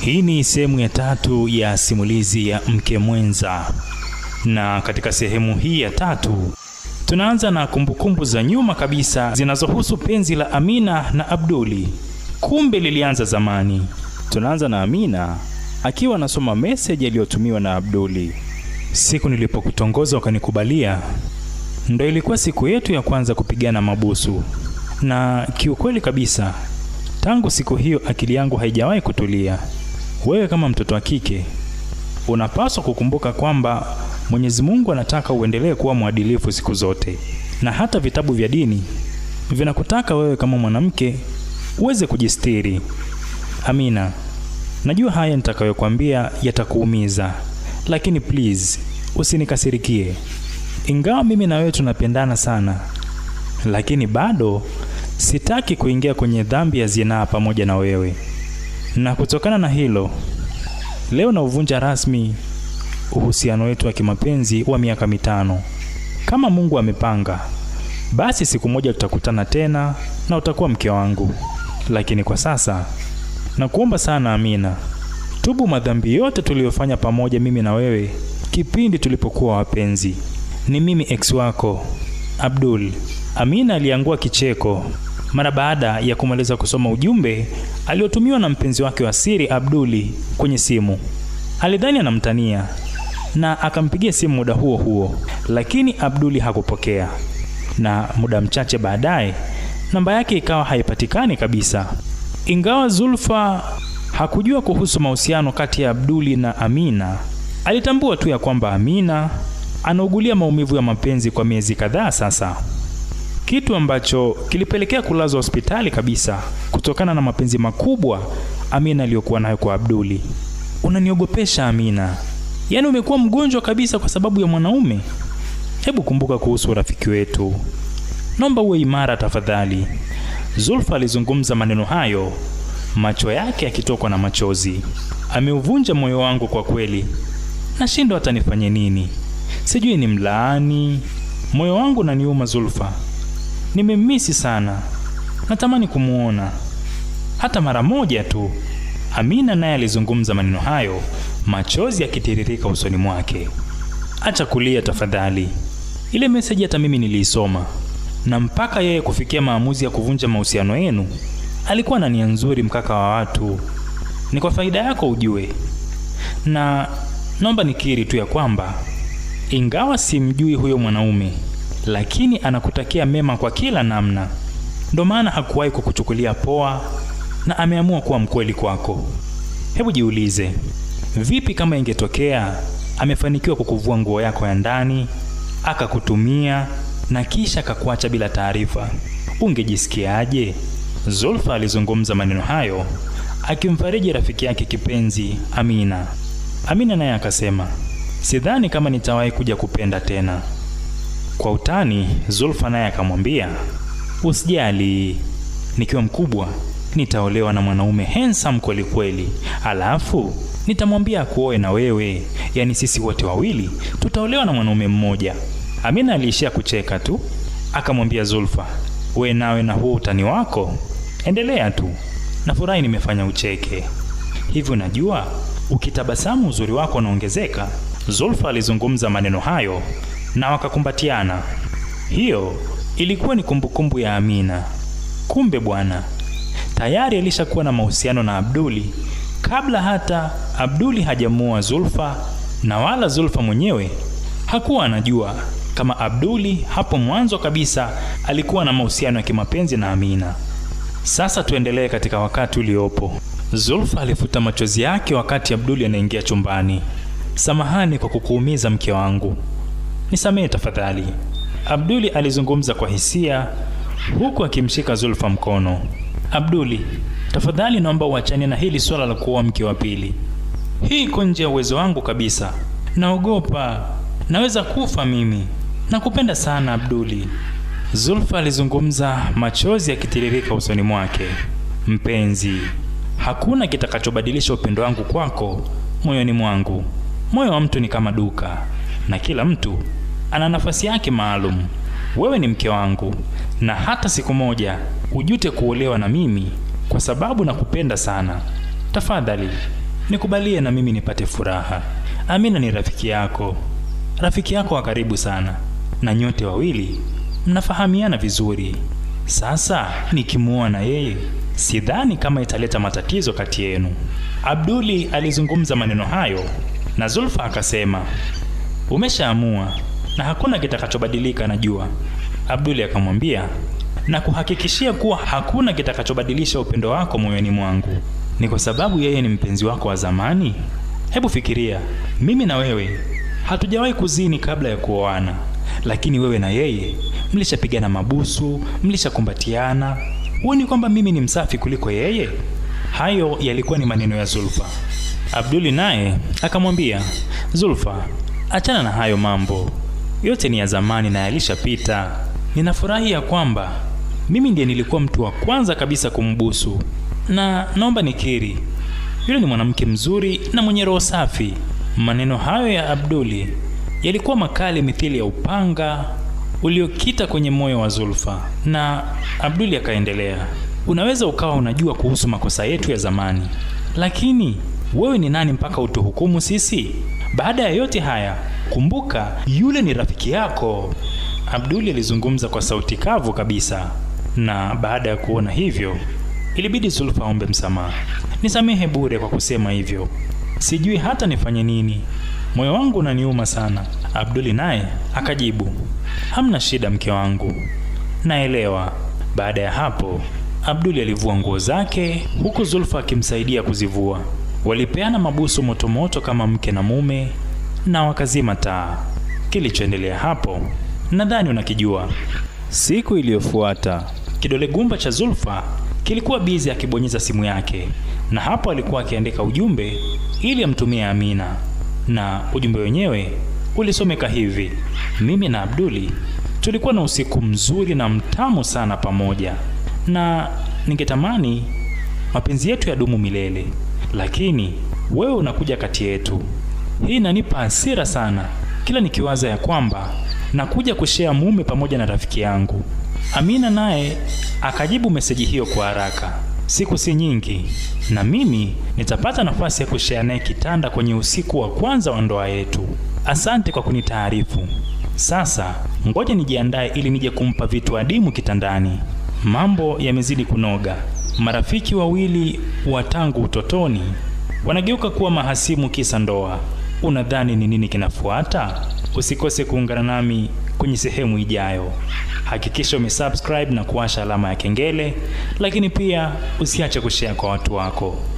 Hii ni sehemu ya tatu ya simulizi ya mke mwenza, na katika sehemu hii ya tatu tunaanza na kumbukumbu za nyuma kabisa zinazohusu penzi la Amina na Abduli. Kumbe lilianza zamani. Tunaanza na Amina akiwa anasoma meseji aliyotumiwa na Abduli. Siku nilipokutongoza ukanikubalia, ndo ilikuwa siku yetu ya kwanza kupigana mabusu, na kiukweli kabisa, tangu siku hiyo akili yangu haijawahi kutulia. Wewe kama mtoto wa kike unapaswa kukumbuka kwamba Mwenyezi Mungu anataka uendelee kuwa mwadilifu siku zote, na hata vitabu vya dini vinakutaka wewe kama mwanamke uweze kujistiri. Amina, najua haya nitakayokwambia yatakuumiza, lakini please usinikasirikie. Ingawa mimi na wewe tunapendana sana, lakini bado sitaki kuingia kwenye dhambi ya zinaa pamoja na wewe. Na kutokana na hilo, leo na uvunja rasmi uhusiano wetu wa kimapenzi wa miaka mitano. Kama Mungu amepanga, basi siku moja tutakutana tena na utakuwa mke wangu. Lakini kwa sasa nakuomba sana Amina, tubu madhambi yote tuliyofanya pamoja mimi na wewe kipindi tulipokuwa wapenzi. Ni mimi ex wako Abdul. Amina aliangua kicheko mara baada ya kumaliza kusoma ujumbe aliotumiwa na mpenzi wake wa siri Abduli kwenye simu. Alidhani anamtania na akampigia simu muda huo huo, lakini Abduli hakupokea, na muda mchache baadaye namba yake ikawa haipatikani kabisa. Ingawa Zulfa hakujua kuhusu mahusiano kati ya Abduli na Amina, alitambua tu ya kwamba Amina anaugulia maumivu ya mapenzi kwa miezi kadhaa sasa kitu ambacho kilipelekea kulazwa hospitali kabisa kutokana na mapenzi makubwa Amina aliyokuwa nayo kwa Abduli. Unaniogopesha Amina, yaani umekuwa mgonjwa kabisa kwa sababu ya mwanaume. Hebu kumbuka kuhusu urafiki wetu, naomba uwe imara tafadhali. Zulfa alizungumza maneno hayo, macho yake yakitokwa na machozi. Ameuvunja moyo wangu kwa kweli, nashindwa hata nifanye nini. Sijui ni mlaani, moyo wangu unaniuma Zulfa nimemmisi sana, natamani kumwona hata mara moja tu. Amina naye alizungumza maneno hayo, machozi yakitiririka usoni mwake. Acha kulia tafadhali. Ile meseji hata mimi niliisoma, na mpaka yeye kufikia maamuzi ya kuvunja mahusiano yenu alikuwa na nia nzuri, mkaka wa watu. Ni kwa faida yako ujue, na naomba nikiri tu ya kwamba ingawa simjui huyo mwanaume lakini anakutakia mema kwa kila namna. Ndo maana hakuwahi kukuchukulia poa na ameamua kuwa mkweli kwako. Hebu jiulize, vipi kama ingetokea amefanikiwa kukuvua nguo yako ya ndani akakutumia na kisha akakuacha bila taarifa, ungejisikiaje? Zulfa alizungumza maneno hayo akimfariji rafiki yake kipenzi Amina. Amina naye akasema, sidhani kama nitawahi kuja kupenda tena. Kwa utani, Zulfa naye akamwambia, usijali, nikiwa mkubwa nitaolewa na mwanaume handsome kweli kweli, alafu nitamwambia akuoe na wewe, yaani sisi wote wawili tutaolewa na mwanaume mmoja. Amina aliishia kucheka tu, akamwambia Zulfa, we nawe na huo utani wako, endelea tu, nafurahi nimefanya ucheke. Hivi unajua ukitabasamu uzuri wako unaongezeka. Zulfa alizungumza maneno hayo na wakakumbatiana. Hiyo ilikuwa ni kumbukumbu ya Amina. Kumbe bwana tayari alishakuwa na mahusiano na Abduli kabla hata Abduli hajamuoa Zulfa, na wala Zulfa mwenyewe hakuwa anajua kama Abduli hapo mwanzo kabisa alikuwa na mahusiano ya kimapenzi na Amina. Sasa tuendelee katika wakati uliopo. Zulfa alifuta machozi yake wakati Abduli anaingia chumbani. Samahani kwa kukuumiza mke wangu nisamehe tafadhali. Abduli alizungumza kwa hisia huku akimshika Zulfa mkono. Abduli, tafadhali naomba uachane na hili swala la kuoa mke wa pili. Hii iko nje ya uwezo wangu kabisa. Naogopa, naweza kufa mimi. Nakupenda sana Abduli. Zulfa alizungumza, machozi yakitiririka usoni mwake. Mpenzi, hakuna kitakachobadilisha upendo wangu kwako moyoni mwangu. Moyo wa mtu ni kama duka na kila mtu ana nafasi yake maalum. Wewe ni mke wangu, na hata siku moja ujute kuolewa na mimi, kwa sababu nakupenda sana. Tafadhali nikubalie na mimi nipate furaha. Amina ni rafiki yako, rafiki yako wa karibu sana, na nyote wawili mnafahamiana vizuri. Sasa nikimwona yeye, sidhani kama italeta matatizo kati yenu. Abduli alizungumza maneno hayo na Zulfa akasema Umeshaamua na hakuna kitakachobadilika, najua. Abduli akamwambia, na kuhakikishia kuwa hakuna kitakachobadilisha upendo wako moyoni mwangu. Ni kwa sababu yeye ni mpenzi wako wa zamani. Hebu fikiria, mimi na wewe hatujawahi kuzini kabla ya kuoana, lakini wewe na yeye mlishapigana mabusu, mlishakumbatiana. Huoni kwamba mimi ni msafi kuliko yeye? Hayo yalikuwa ni maneno ya Zulfa. Abduli naye akamwambia Zulfa, Achana na hayo mambo yote, ni ya zamani na yalishapita. Ninafurahi ya kwamba mimi ndiye nilikuwa mtu wa kwanza kabisa kumbusu, na naomba nikiri, yule ni mwanamke mzuri na mwenye roho safi. Maneno hayo ya Abduli yalikuwa makali mithili ya upanga uliokita kwenye moyo wa Zulfa, na Abduli akaendelea, unaweza ukawa unajua kuhusu makosa yetu ya zamani, lakini wewe ni nani mpaka utuhukumu sisi? Baada ya yote haya, kumbuka yule ni rafiki yako. Abduli alizungumza kwa sauti kavu kabisa, na baada ya kuona hivyo ilibidi Zulfa aombe msamaha. Nisamehe bure kwa kusema hivyo, sijui hata nifanye nini, moyo wangu unaniuma sana. Abduli naye akajibu, hamna shida mke wangu, naelewa. Baada ya hapo Abduli alivua nguo zake huku Zulfa akimsaidia kuzivua. Walipeana mabusu motomoto kama mke na mume na wakazima taa. Kilichoendelea hapo nadhani unakijua. Siku iliyofuata kidole gumba cha Zulfa kilikuwa bizi akibonyeza ya simu yake, na hapo alikuwa akiandika ujumbe ili amtumie Amina, na ujumbe wenyewe ulisomeka hivi: mimi na Abduli tulikuwa na usiku mzuri na mtamu sana pamoja, na ningetamani mapenzi yetu yadumu milele lakini wewe unakuja kati yetu. Hii inanipa hasira sana, kila nikiwaza ya kwamba nakuja kushea mume pamoja na rafiki yangu. Amina naye akajibu meseji hiyo kwa haraka, siku si nyingi na mimi nitapata nafasi ya kushea naye kitanda kwenye usiku wa kwanza wa ndoa yetu. Asante kwa kunitaarifu. Sasa ngoja nijiandae ili nije kumpa vitu adimu kitandani. Mambo yamezidi kunoga. Marafiki wawili wa tangu utotoni wanageuka kuwa mahasimu kisa ndoa. Unadhani ni nini kinafuata? Usikose kuungana nami kwenye sehemu ijayo. Hakikisha umesubscribe na kuwasha alama ya kengele, lakini pia usiache kushare kwa watu wako.